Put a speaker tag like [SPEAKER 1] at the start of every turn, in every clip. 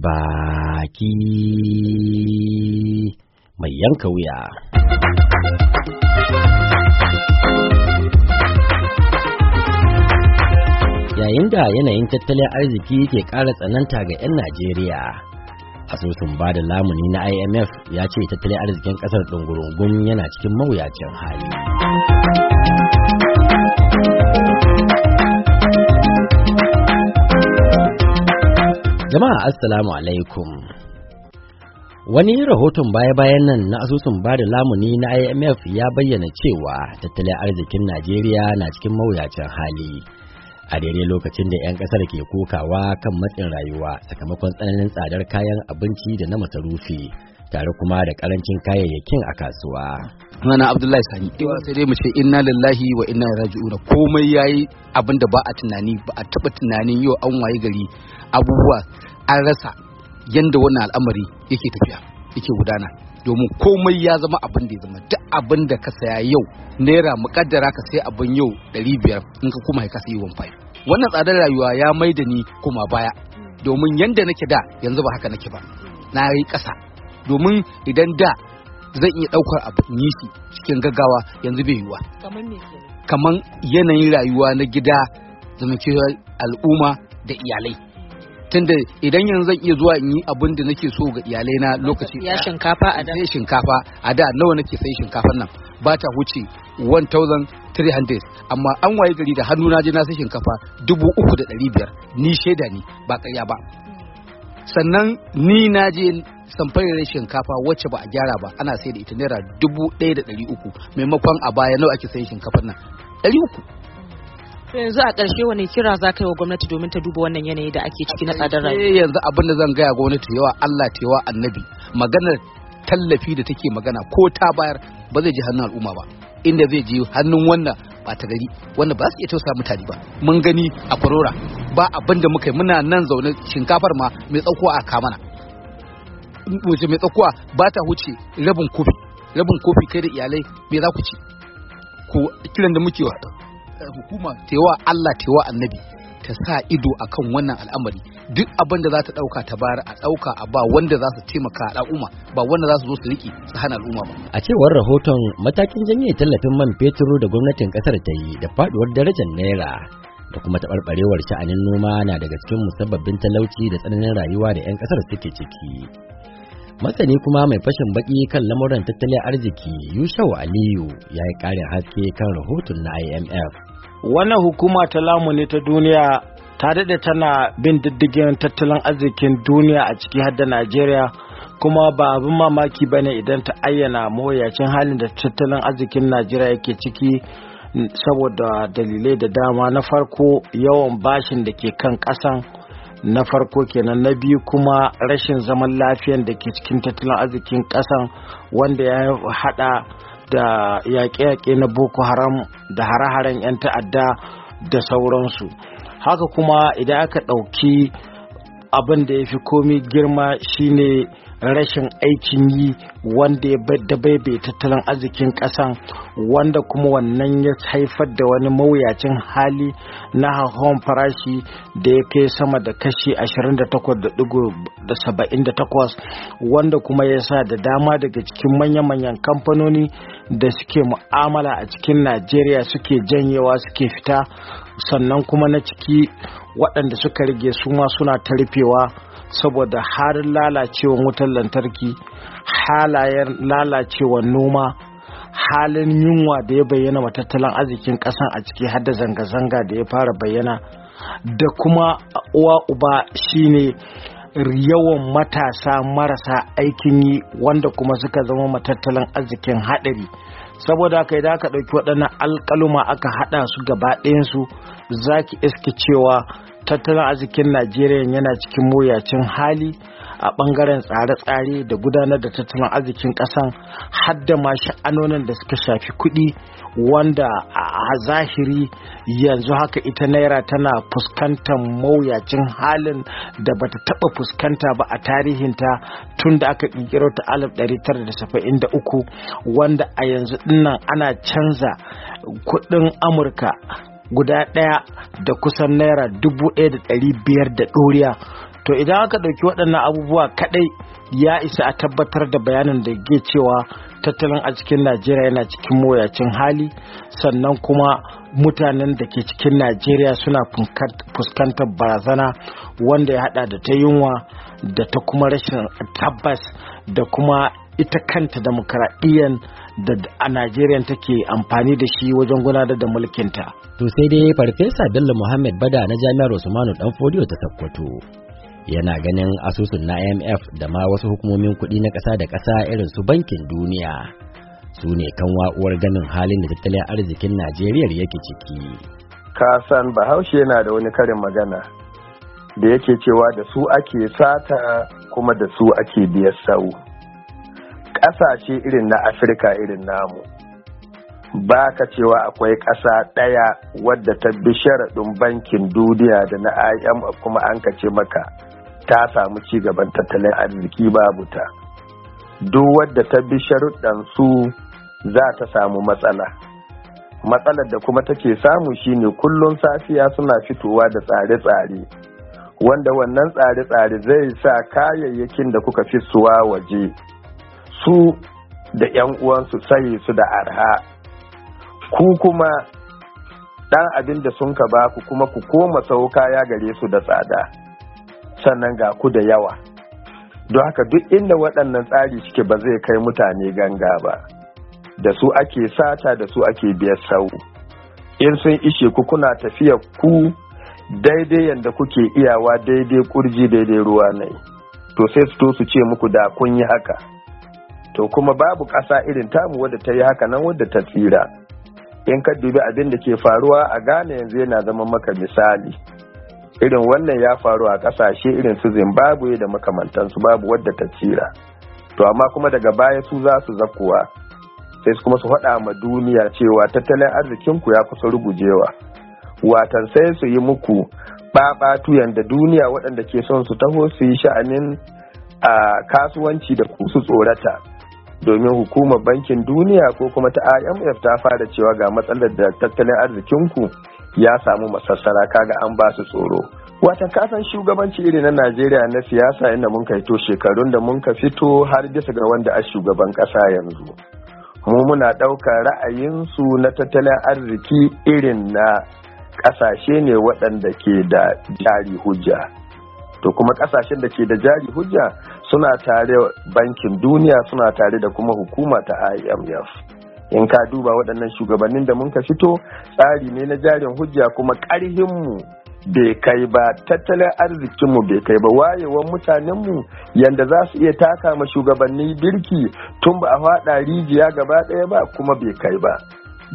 [SPEAKER 1] baki mai yanka wuya. Yayin da yanayin tattalin arziki ke ƙara tsananta ga 'yan Najeriya, asusun ba da lamuni na IMF ya ce tattalin arzikin ƙasar ɗungurungun yana cikin mawuyacin hali. Jama'a Assalamu alaikum. Wani rahoton baya-bayan nan na asusun ba da lamuni na IMF ya bayyana cewa tattalin arzikin Najeriya na cikin mawuyacin hali. A daidai lokacin da 'yan ƙasar ke kokawa kan matsin rayuwa sakamakon tsananin tsadar kayan abinci da na masarufi. tare kuma da karancin kayayyakin a kasuwa.
[SPEAKER 2] Sunana Abdullahi Sani. Ewa sai dai mu ce inna lillahi wa inna raji'una komai yayi abin da ba a tunani ba a taba tunanin yau an waye gari abubuwa an rasa yanda wannan al'amari yake tafiya yake gudana domin komai ya zama abin da ya zama duk abin da ka saya yau naira muƙaddara ka sai abin yau 500 in ka kuma ka sayi 15 wannan tsadar rayuwa ya maida ni kuma baya domin yanda nake da yanzu ba haka nake ba na yi ƙasa domin idan da zan iya ɗaukar abu yi cikin gaggawa yanzu bai yiwuwa kamar yanayin rayuwa na gida zamantakewar al'umma da iyalai tunda idan yanzu zan iya zuwa in yi abin da nake so ga iyalai na lokaci ya shinkafa a da shinkafa a da nawa nake sai shinkafan nan ba ta huce 1300 amma an waye gari da hannu na je na sai shinkafa 3500 ni shaida ne ba ƙarya ba sannan ni na je samfarin shinkafa wacce ba a gyara ba ana sai da ita naira dubu ɗaya da ɗari uku maimakon a baya nawa ake sayan shinkafar nan ɗari uku yanzu a ƙarshe wani kira za ka yi wa gwamnati domin ta duba wannan yanayi da ake ciki na tsadar rayuwa eh, yanzu abin da zan gaya ga gwamnati yawa Allah ta annabi maganar tallafi da take magana ko ta bayar ba zai ji hannun al'umma ba inda zai ji hannun wannan ɓata gari wanda ba su iya tausa mutane ba mun gani a korora ba abin da muka yi muna nan zaune shinkafar ma mai tsakuwa a kamana wace mai tsakuwa ba ta huce rabin kofi rabin kofi kai da iyalai me za ku ci ko kiran da muke wa eh, hukuma tewa Allah tewa annabi ta sa ido a kan wannan al'amari duk abin da za ta ɗauka ta bayar a ɗauka a ba wanda za su taimaka al'umma ba wanda za su zo su riƙe su hana al'umma ba.
[SPEAKER 1] A cewar rahoton matakin janye tallafin man fetur da gwamnatin ƙasar ta yi da faɗuwar darajar naira da kuma taɓarɓarewar sha'anin noma na daga cikin musabbabin talauci da tsananin rayuwa da 'yan ƙasar suke ciki. Masani kuma mai fashin baki kan lamuran tattalin arziki Yusuf Aliyu ya yi ƙarin haske kan rahoton na IMF. wannan hukuma
[SPEAKER 3] ta lamuni ta duniya ta daɗe tana bin diddigin tattalin arzikin duniya a ciki har da najeriya kuma ba abin mamaki ba ne idan ta ayyana mawuyacin halin da tattalin arzikin najeriya yake ciki saboda dalilai da dama na farko yawan bashin da ke kan ƙasan na farko kenan na biyu kuma rashin zaman lafiyan da ke cikin tattalin arzikin ƙasan wanda ya haɗa da yaƙe-yaƙe na boko haram da hare-haren 'yan ta'adda da sauransu haka kuma idan aka ɗauki abin da ya fi komi girma shine rashin aikin yi wanda ya da bai tattalin arzikin ƙasan wanda kuma wannan ya haifar da wani mawuyacin hali na hahon farashi da ya kai sama da kashi 28.78 wanda kuma ya sa da dama daga cikin manya-manyan kamfanoni da suke mu'amala a cikin najeriya suke janyewa suke fita sannan kuma na ciki waɗanda suka rige suna ta rufewa saboda har lalacewa wutar lantarki halayen lalacewa noma halin yunwa da ya bayyana wa tattalin arzikin kasan a ciki har da zanga-zanga da ya fara bayyana da kuma uwa uba shine yawan matasa marasa aikin yi wanda kuma suka zama matattalin arzikin haɗari saboda kai idan aka ɗauki waɗannan alƙaluma aka haɗa su gaba ɗayansu za ki iske cewa tattalin arzikin najeriya yana cikin muyacin hali a bangaren tsare-tsare da gudanar da tattalin arzikin kasan hadda ma sha'anonin da suka shafi kuɗi wanda a zahiri yanzu haka ita naira tana fuskantar mawuyacin halin da bata taba fuskanta ba a tarihinta tun da aka kirkiro ta 1973 wanda a yanzu dinnan ana canza kuɗin amurka guda ɗaya da kusan naira dubu ɗaya da ɗari biyar da ɗoriya to idan aka ɗauki waɗannan abubuwa kaɗai ya isa a tabbatar da bayanin da ke cewa tattalin a cikin najeriya yana cikin mawuyacin hali sannan kuma mutanen da ke cikin najeriya suna fuskantar barazana wanda ya hada da ta yunwa da ta kuma rashin tabbas da kuma ita kanta demokradiyyar da a Najeriya take amfani da shi wajen gudanar da mulkinta.
[SPEAKER 1] To sai dai Farfesa Bello Muhammad Bada na Jami'ar Usmanu Danfodiyo ta Sokoto yana ganin asusun na IMF da ma wasu hukumomin kuɗi na ƙasa da ƙasa irin su bankin duniya su ne kan wa'uwar ganin halin da tattalin arzikin Najeriya yake ciki.
[SPEAKER 4] Kasan Bahaushe yana da wani karin magana da yake cewa da su ake sata kuma da su ake biyar sau. ƙasashe irin na afirka irin namu ba ka cewa akwai ƙasa ɗaya wadda ta bi sharaɗin bankin duniya da na imf kuma an ka ce maka ta samu ci gaban tattalin arziki babu ta duk wadda ta bi sharuɗan su za ta samu matsala matsalar da kuma take samu shine kullum safiya suna fitowa da tsare-tsare wanda wannan tsare-tsare zai sa kayayyakin da kuka fi suwa waje su da 'yan uwansu sai su da arha ku kuma ɗan abin da sun ka ku kuma ku koma sau kaya gare su da tsada sannan ga ku da yawa don haka duk inda waɗannan tsari suke ba zai kai mutane ganga ba da su ake sata da su ake biyar sau in sun ishe ku kuna tafiya ku daidai yadda kuke iyawa daidai kurji daidai ruwa ne to sai su to su ce muku da kun yi haka to kuma babu ƙasa irin tamu wadda ta yi haka nan wadda ta tsira in ka dubi abin da ke faruwa a ghana yanzu yana zama maka misali irin wannan ya faru a ƙasashe irin su zimbabwe da makamantansu babu wadda ta tsira to amma kuma daga baya su za su zakuwa sai kuma su faɗa ma duniya cewa tattalin arzikinku ya kusa rugujewa watan sai su yi muku ɓaɓatu yadda duniya waɗanda ke son su taho su yi sha'anin a kasuwanci da ku su tsorata domin hukumar bankin duniya ko kuma ta imf ta fara cewa ga matsalar da tattalin arzikinku ya samu masassara kaga an ba su tsoro watan kasan shugabanci iri na najeriya na siyasa inda mun to shekarun da mun ka fito har bisa ga wanda a shugaban kasa yanzu mu muna ɗaukar ra'ayinsu na tattalin arziki irin na ƙasashe ne waɗanda ke da jari hujja to kuma kasashen da ke da jari hujja suna tare bankin duniya suna tare da kuma hukuma ta imf in ka duba waɗannan shugabannin da mun ka fito tsari ne na jarin hujja kuma ƙarhinmu bai kai ba tattalin arzikinmu bai kai ba wayewar mutanenmu yanda za su iya taka ma shugabanni birki tun ba a faɗa rijiya gaba ɗaya ba kuma bai kai ba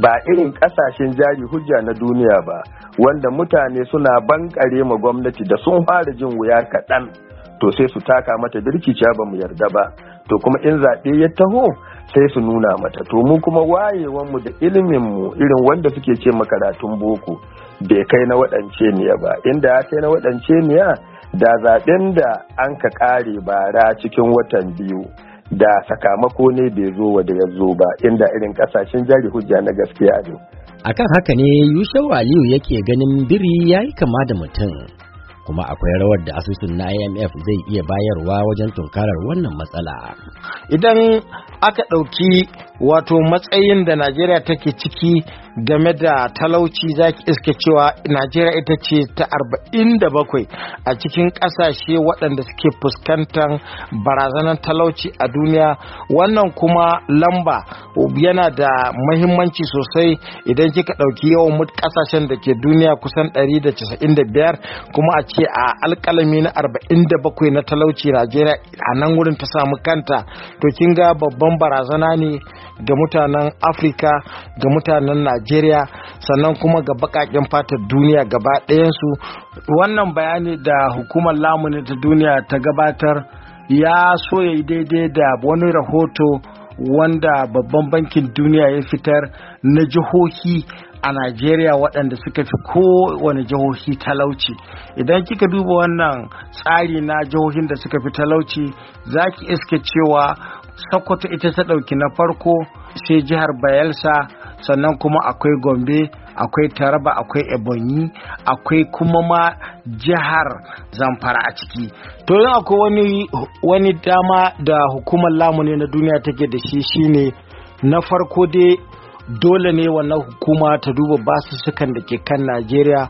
[SPEAKER 4] ba irin kasashen jari hujja na duniya ba wanda mutane suna bankare ma gwamnati da sun fara jin wuya kaɗan to sai su taka mata birkica ba mu yarda ba to kuma in zaɓe ya taho sai su nuna mata to mu kuma wayewanmu da iliminmu irin wanda suke ce makaratun boko bai kai na waɗance niya ba inda ya kai na waɗance niya da zaɓen da an ka ƙare bara cikin watan biyu da sakamako ne bai zo wa da ya zo ba inda irin kasashen jari hujja na gaskiya ne
[SPEAKER 1] akan haka ne yusuf aliyu yake ganin biri ya yi kama da mutum kuma akwai rawar da asusun na imf zai iya bayarwa wajen tunkarar wannan matsala idan aka ɗauki wato
[SPEAKER 3] matsayin da najeriya take ciki game da talauci zaki ki iske cewa najeriya ita ce ta 47 a cikin ƙasashe waɗanda suke fuskantar barazanar talauci a duniya wannan kuma lamba yana da mahimmanci sosai idan kika ɗauki yawan ƙasashen da ke duniya kusan 195 kuma a take a alkalami na 47 na talauci najeriya a nan wurin ta samu kanta to kin ga babban barazana ne ga mutanen afirka ga mutanen najeriya sannan kuma ga baƙaƙen fatar duniya gaba su. wannan bayani da hukumar lamuni ta duniya ta gabatar ya so ya yi daidai da wani rahoto wanda babban bankin duniya ya fitar na jihohi a Najeriya waɗanda suka fi kowane jihohi talauci idan kika duba wannan tsari na jihohin da suka fi talauci za ki iske cewa Sokoto ita ta ɗauki na farko sai jihar Bayelsa sannan kuma akwai Gombe akwai Taraba akwai Ebonyi akwai kuma ma jihar Zamfara a ciki to yin akwai wani wani dama da hukumar lamuni na duniya take da shi shine na farko dai dole ne wannan hukuma ta duba basussukan da ke kan najeriya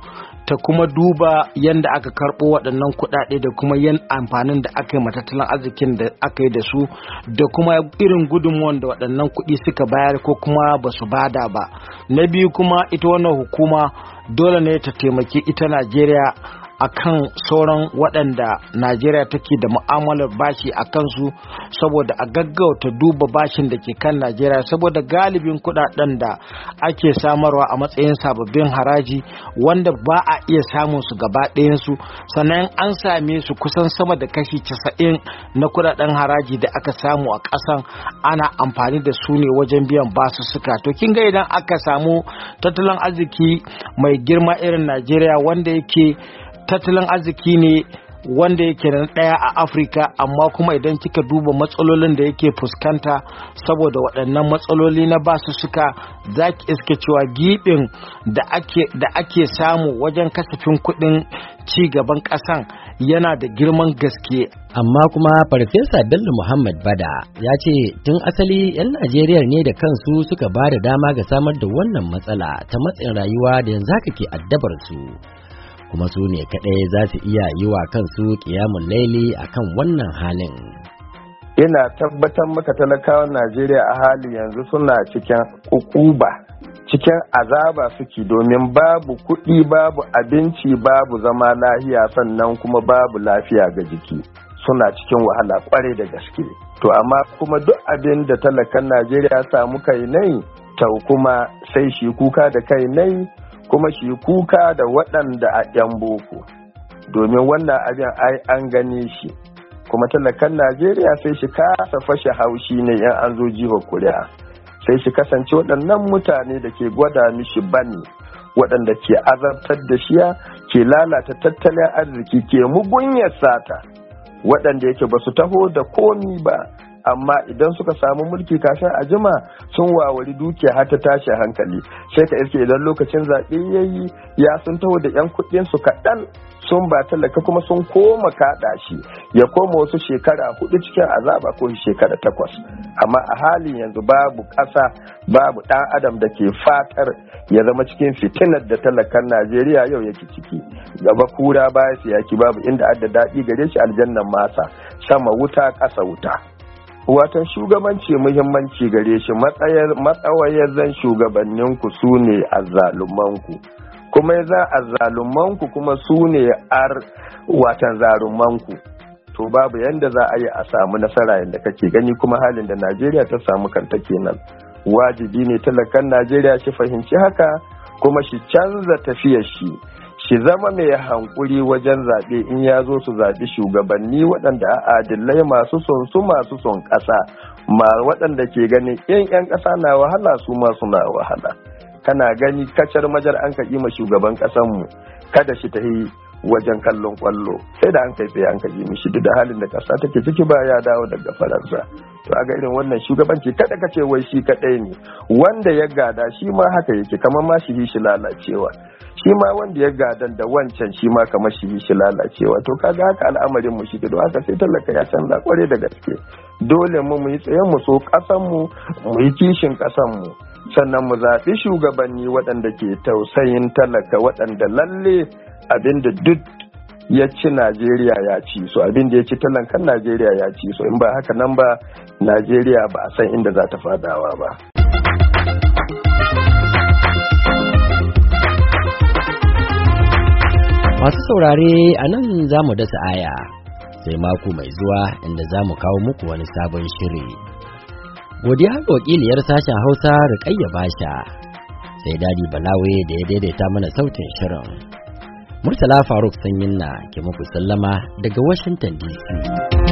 [SPEAKER 3] ta kuma duba yadda aka karɓo waɗannan kuɗaɗe da kuma yin amfanin da aka yi matattalin arzikin da aka yi da su da kuma irin gudunmuwan da waɗannan kuɗi suka bayar ko kuma ba su bada ba na biyu kuma ita wannan hukuma dole ne ta taimaki ita najeriya akan sauran waɗanda najeriya take da mu'amalar bashi a kansu saboda a gaggauta duba bashin da ke kan najeriya saboda galibin kuɗaɗen da ake samarwa a matsayin sababbin haraji wanda ba a iya samun su gaba ɗayansu sannan an same su kusan sama da kashi casa'in na kuɗaɗen haraji da aka samu a ƙasan ana amfani da su ne wajen biyan basussuka to kin ga idan aka samu tattalin arziki mai girma irin najeriya wanda yake tattalin arziki ne wanda yake na ɗaya a afirka amma kuma idan kika duba matsalolin da yake fuskanta saboda waɗannan matsaloli na basu suka za ki iske cewa giɓin da ake samu wajen kasafin kuɗin ci gaban ƙasan yana da girman gaske amma
[SPEAKER 1] kuma farfesa bello muhammad bada ya ce tun asali 'yan najeriya ne da kansu suka ba da dama ga samar da wannan matsala ta matsin rayuwa da yanzu haka ke addabar su kuma su ne kaɗai za su iya yi wa kansu ƙiyamun laili a kan wannan halin
[SPEAKER 4] ina tabbatar maka talakawan najeriya a hali yanzu suna cikin kukuba, cikin azaba suke domin babu kuɗi babu abinci babu zama lahiya sannan kuma babu lafiya ga jiki suna cikin wahala kwarai da gaske to amma kuma duk abin da talakan najeriya samu kai nai tau kuma sai shi kuka da kai nai kuma shi kuka da waɗanda a 'yan boko domin wannan abin ai an gane shi kuma talakan najeriya sai shi kasa fashe haushi ne in an zo jihar kuri'a sai shi kasance waɗannan mutane da ke gwada mishi bane waɗanda ke azabtar da shiya ke lalata tattalin arziki ke mugunyar sata waɗanda yake ba su taho da komi ba amma idan suka samu mulki kashin a jima sun wawari dukiya har ta tashi hankali sai ka iske idan lokacin zaɓe ya yi ya sun taho da 'yan kuɗin su kaɗan sun ba talaka kuma sun koma kaɗa shi ya koma wasu shekara hudu cikin azaba ko shekara takwas amma a halin yanzu babu ƙasa babu ɗan adam da ke fatar ya zama cikin fitinar da talakan najeriya yau yake ciki gaba kura baya siyaki babu inda adda daɗi gare shi aljannan masa sama wuta ƙasa wuta watan shugabanci muhimmanci gare shi matsawayar zan shugabanninku su ne zalumanku? kuma ya za zalumanku kuma su ne ar watan zarumanku to babu yadda za a yi a samu nasara yadda kake gani kuma halin da najeriya ta samu kanta kenan wajibi ne talakan najeriya shi fahimci haka kuma shi canza tafiyar shi shi zama mai hankuri wajen zaɓe in ya zo su zaɓi shugabanni waɗanda a adillai masu son su masu son ƙasa ma waɗanda ke ganin in 'yan ƙasa na wahala su masu na wahala kana gani kacar majar an ka ma shugaban ƙasanmu kada shi ta yi wajen kallon kwallo sai da an kai tsaye an kaji mishi duk da halin da kasa take ciki ba ya dawo daga faransa to a ga irin wannan shugabanci kada ka ce wai shi kadai ne wanda ya gada shi ma haka yake kamar ma shi shi lalacewa shi ma wanda ya gadan da wancan shi ma kamar shi shi lalacewa to kaga haka al'amarin mu shi da haka sai talaka ya canza kware da gaske dole mu mu yi tsayen mu so kasan mu mu yi kishin kasan mu sannan mu zaɓi shugabanni waɗanda ke tausayin talaka waɗanda lalle abinda duk ya ci Najeriya ya ci abin abinda ya ci talankan Najeriya ya ci so in ba haka nan ba Najeriya ba a san inda za ta fadawa ba.
[SPEAKER 1] Masu saurare a nan za mu dasa aya sai mako mai zuwa inda za mu kawo muku wani sabon shiri. Godiya ga wakiliyar sashen Hausa Rukayya sha, sai Dadi Balawe da ya daidaita mana sautin shirin. Murtala Faruk Sanyin na ke muku sallama daga Washington DC.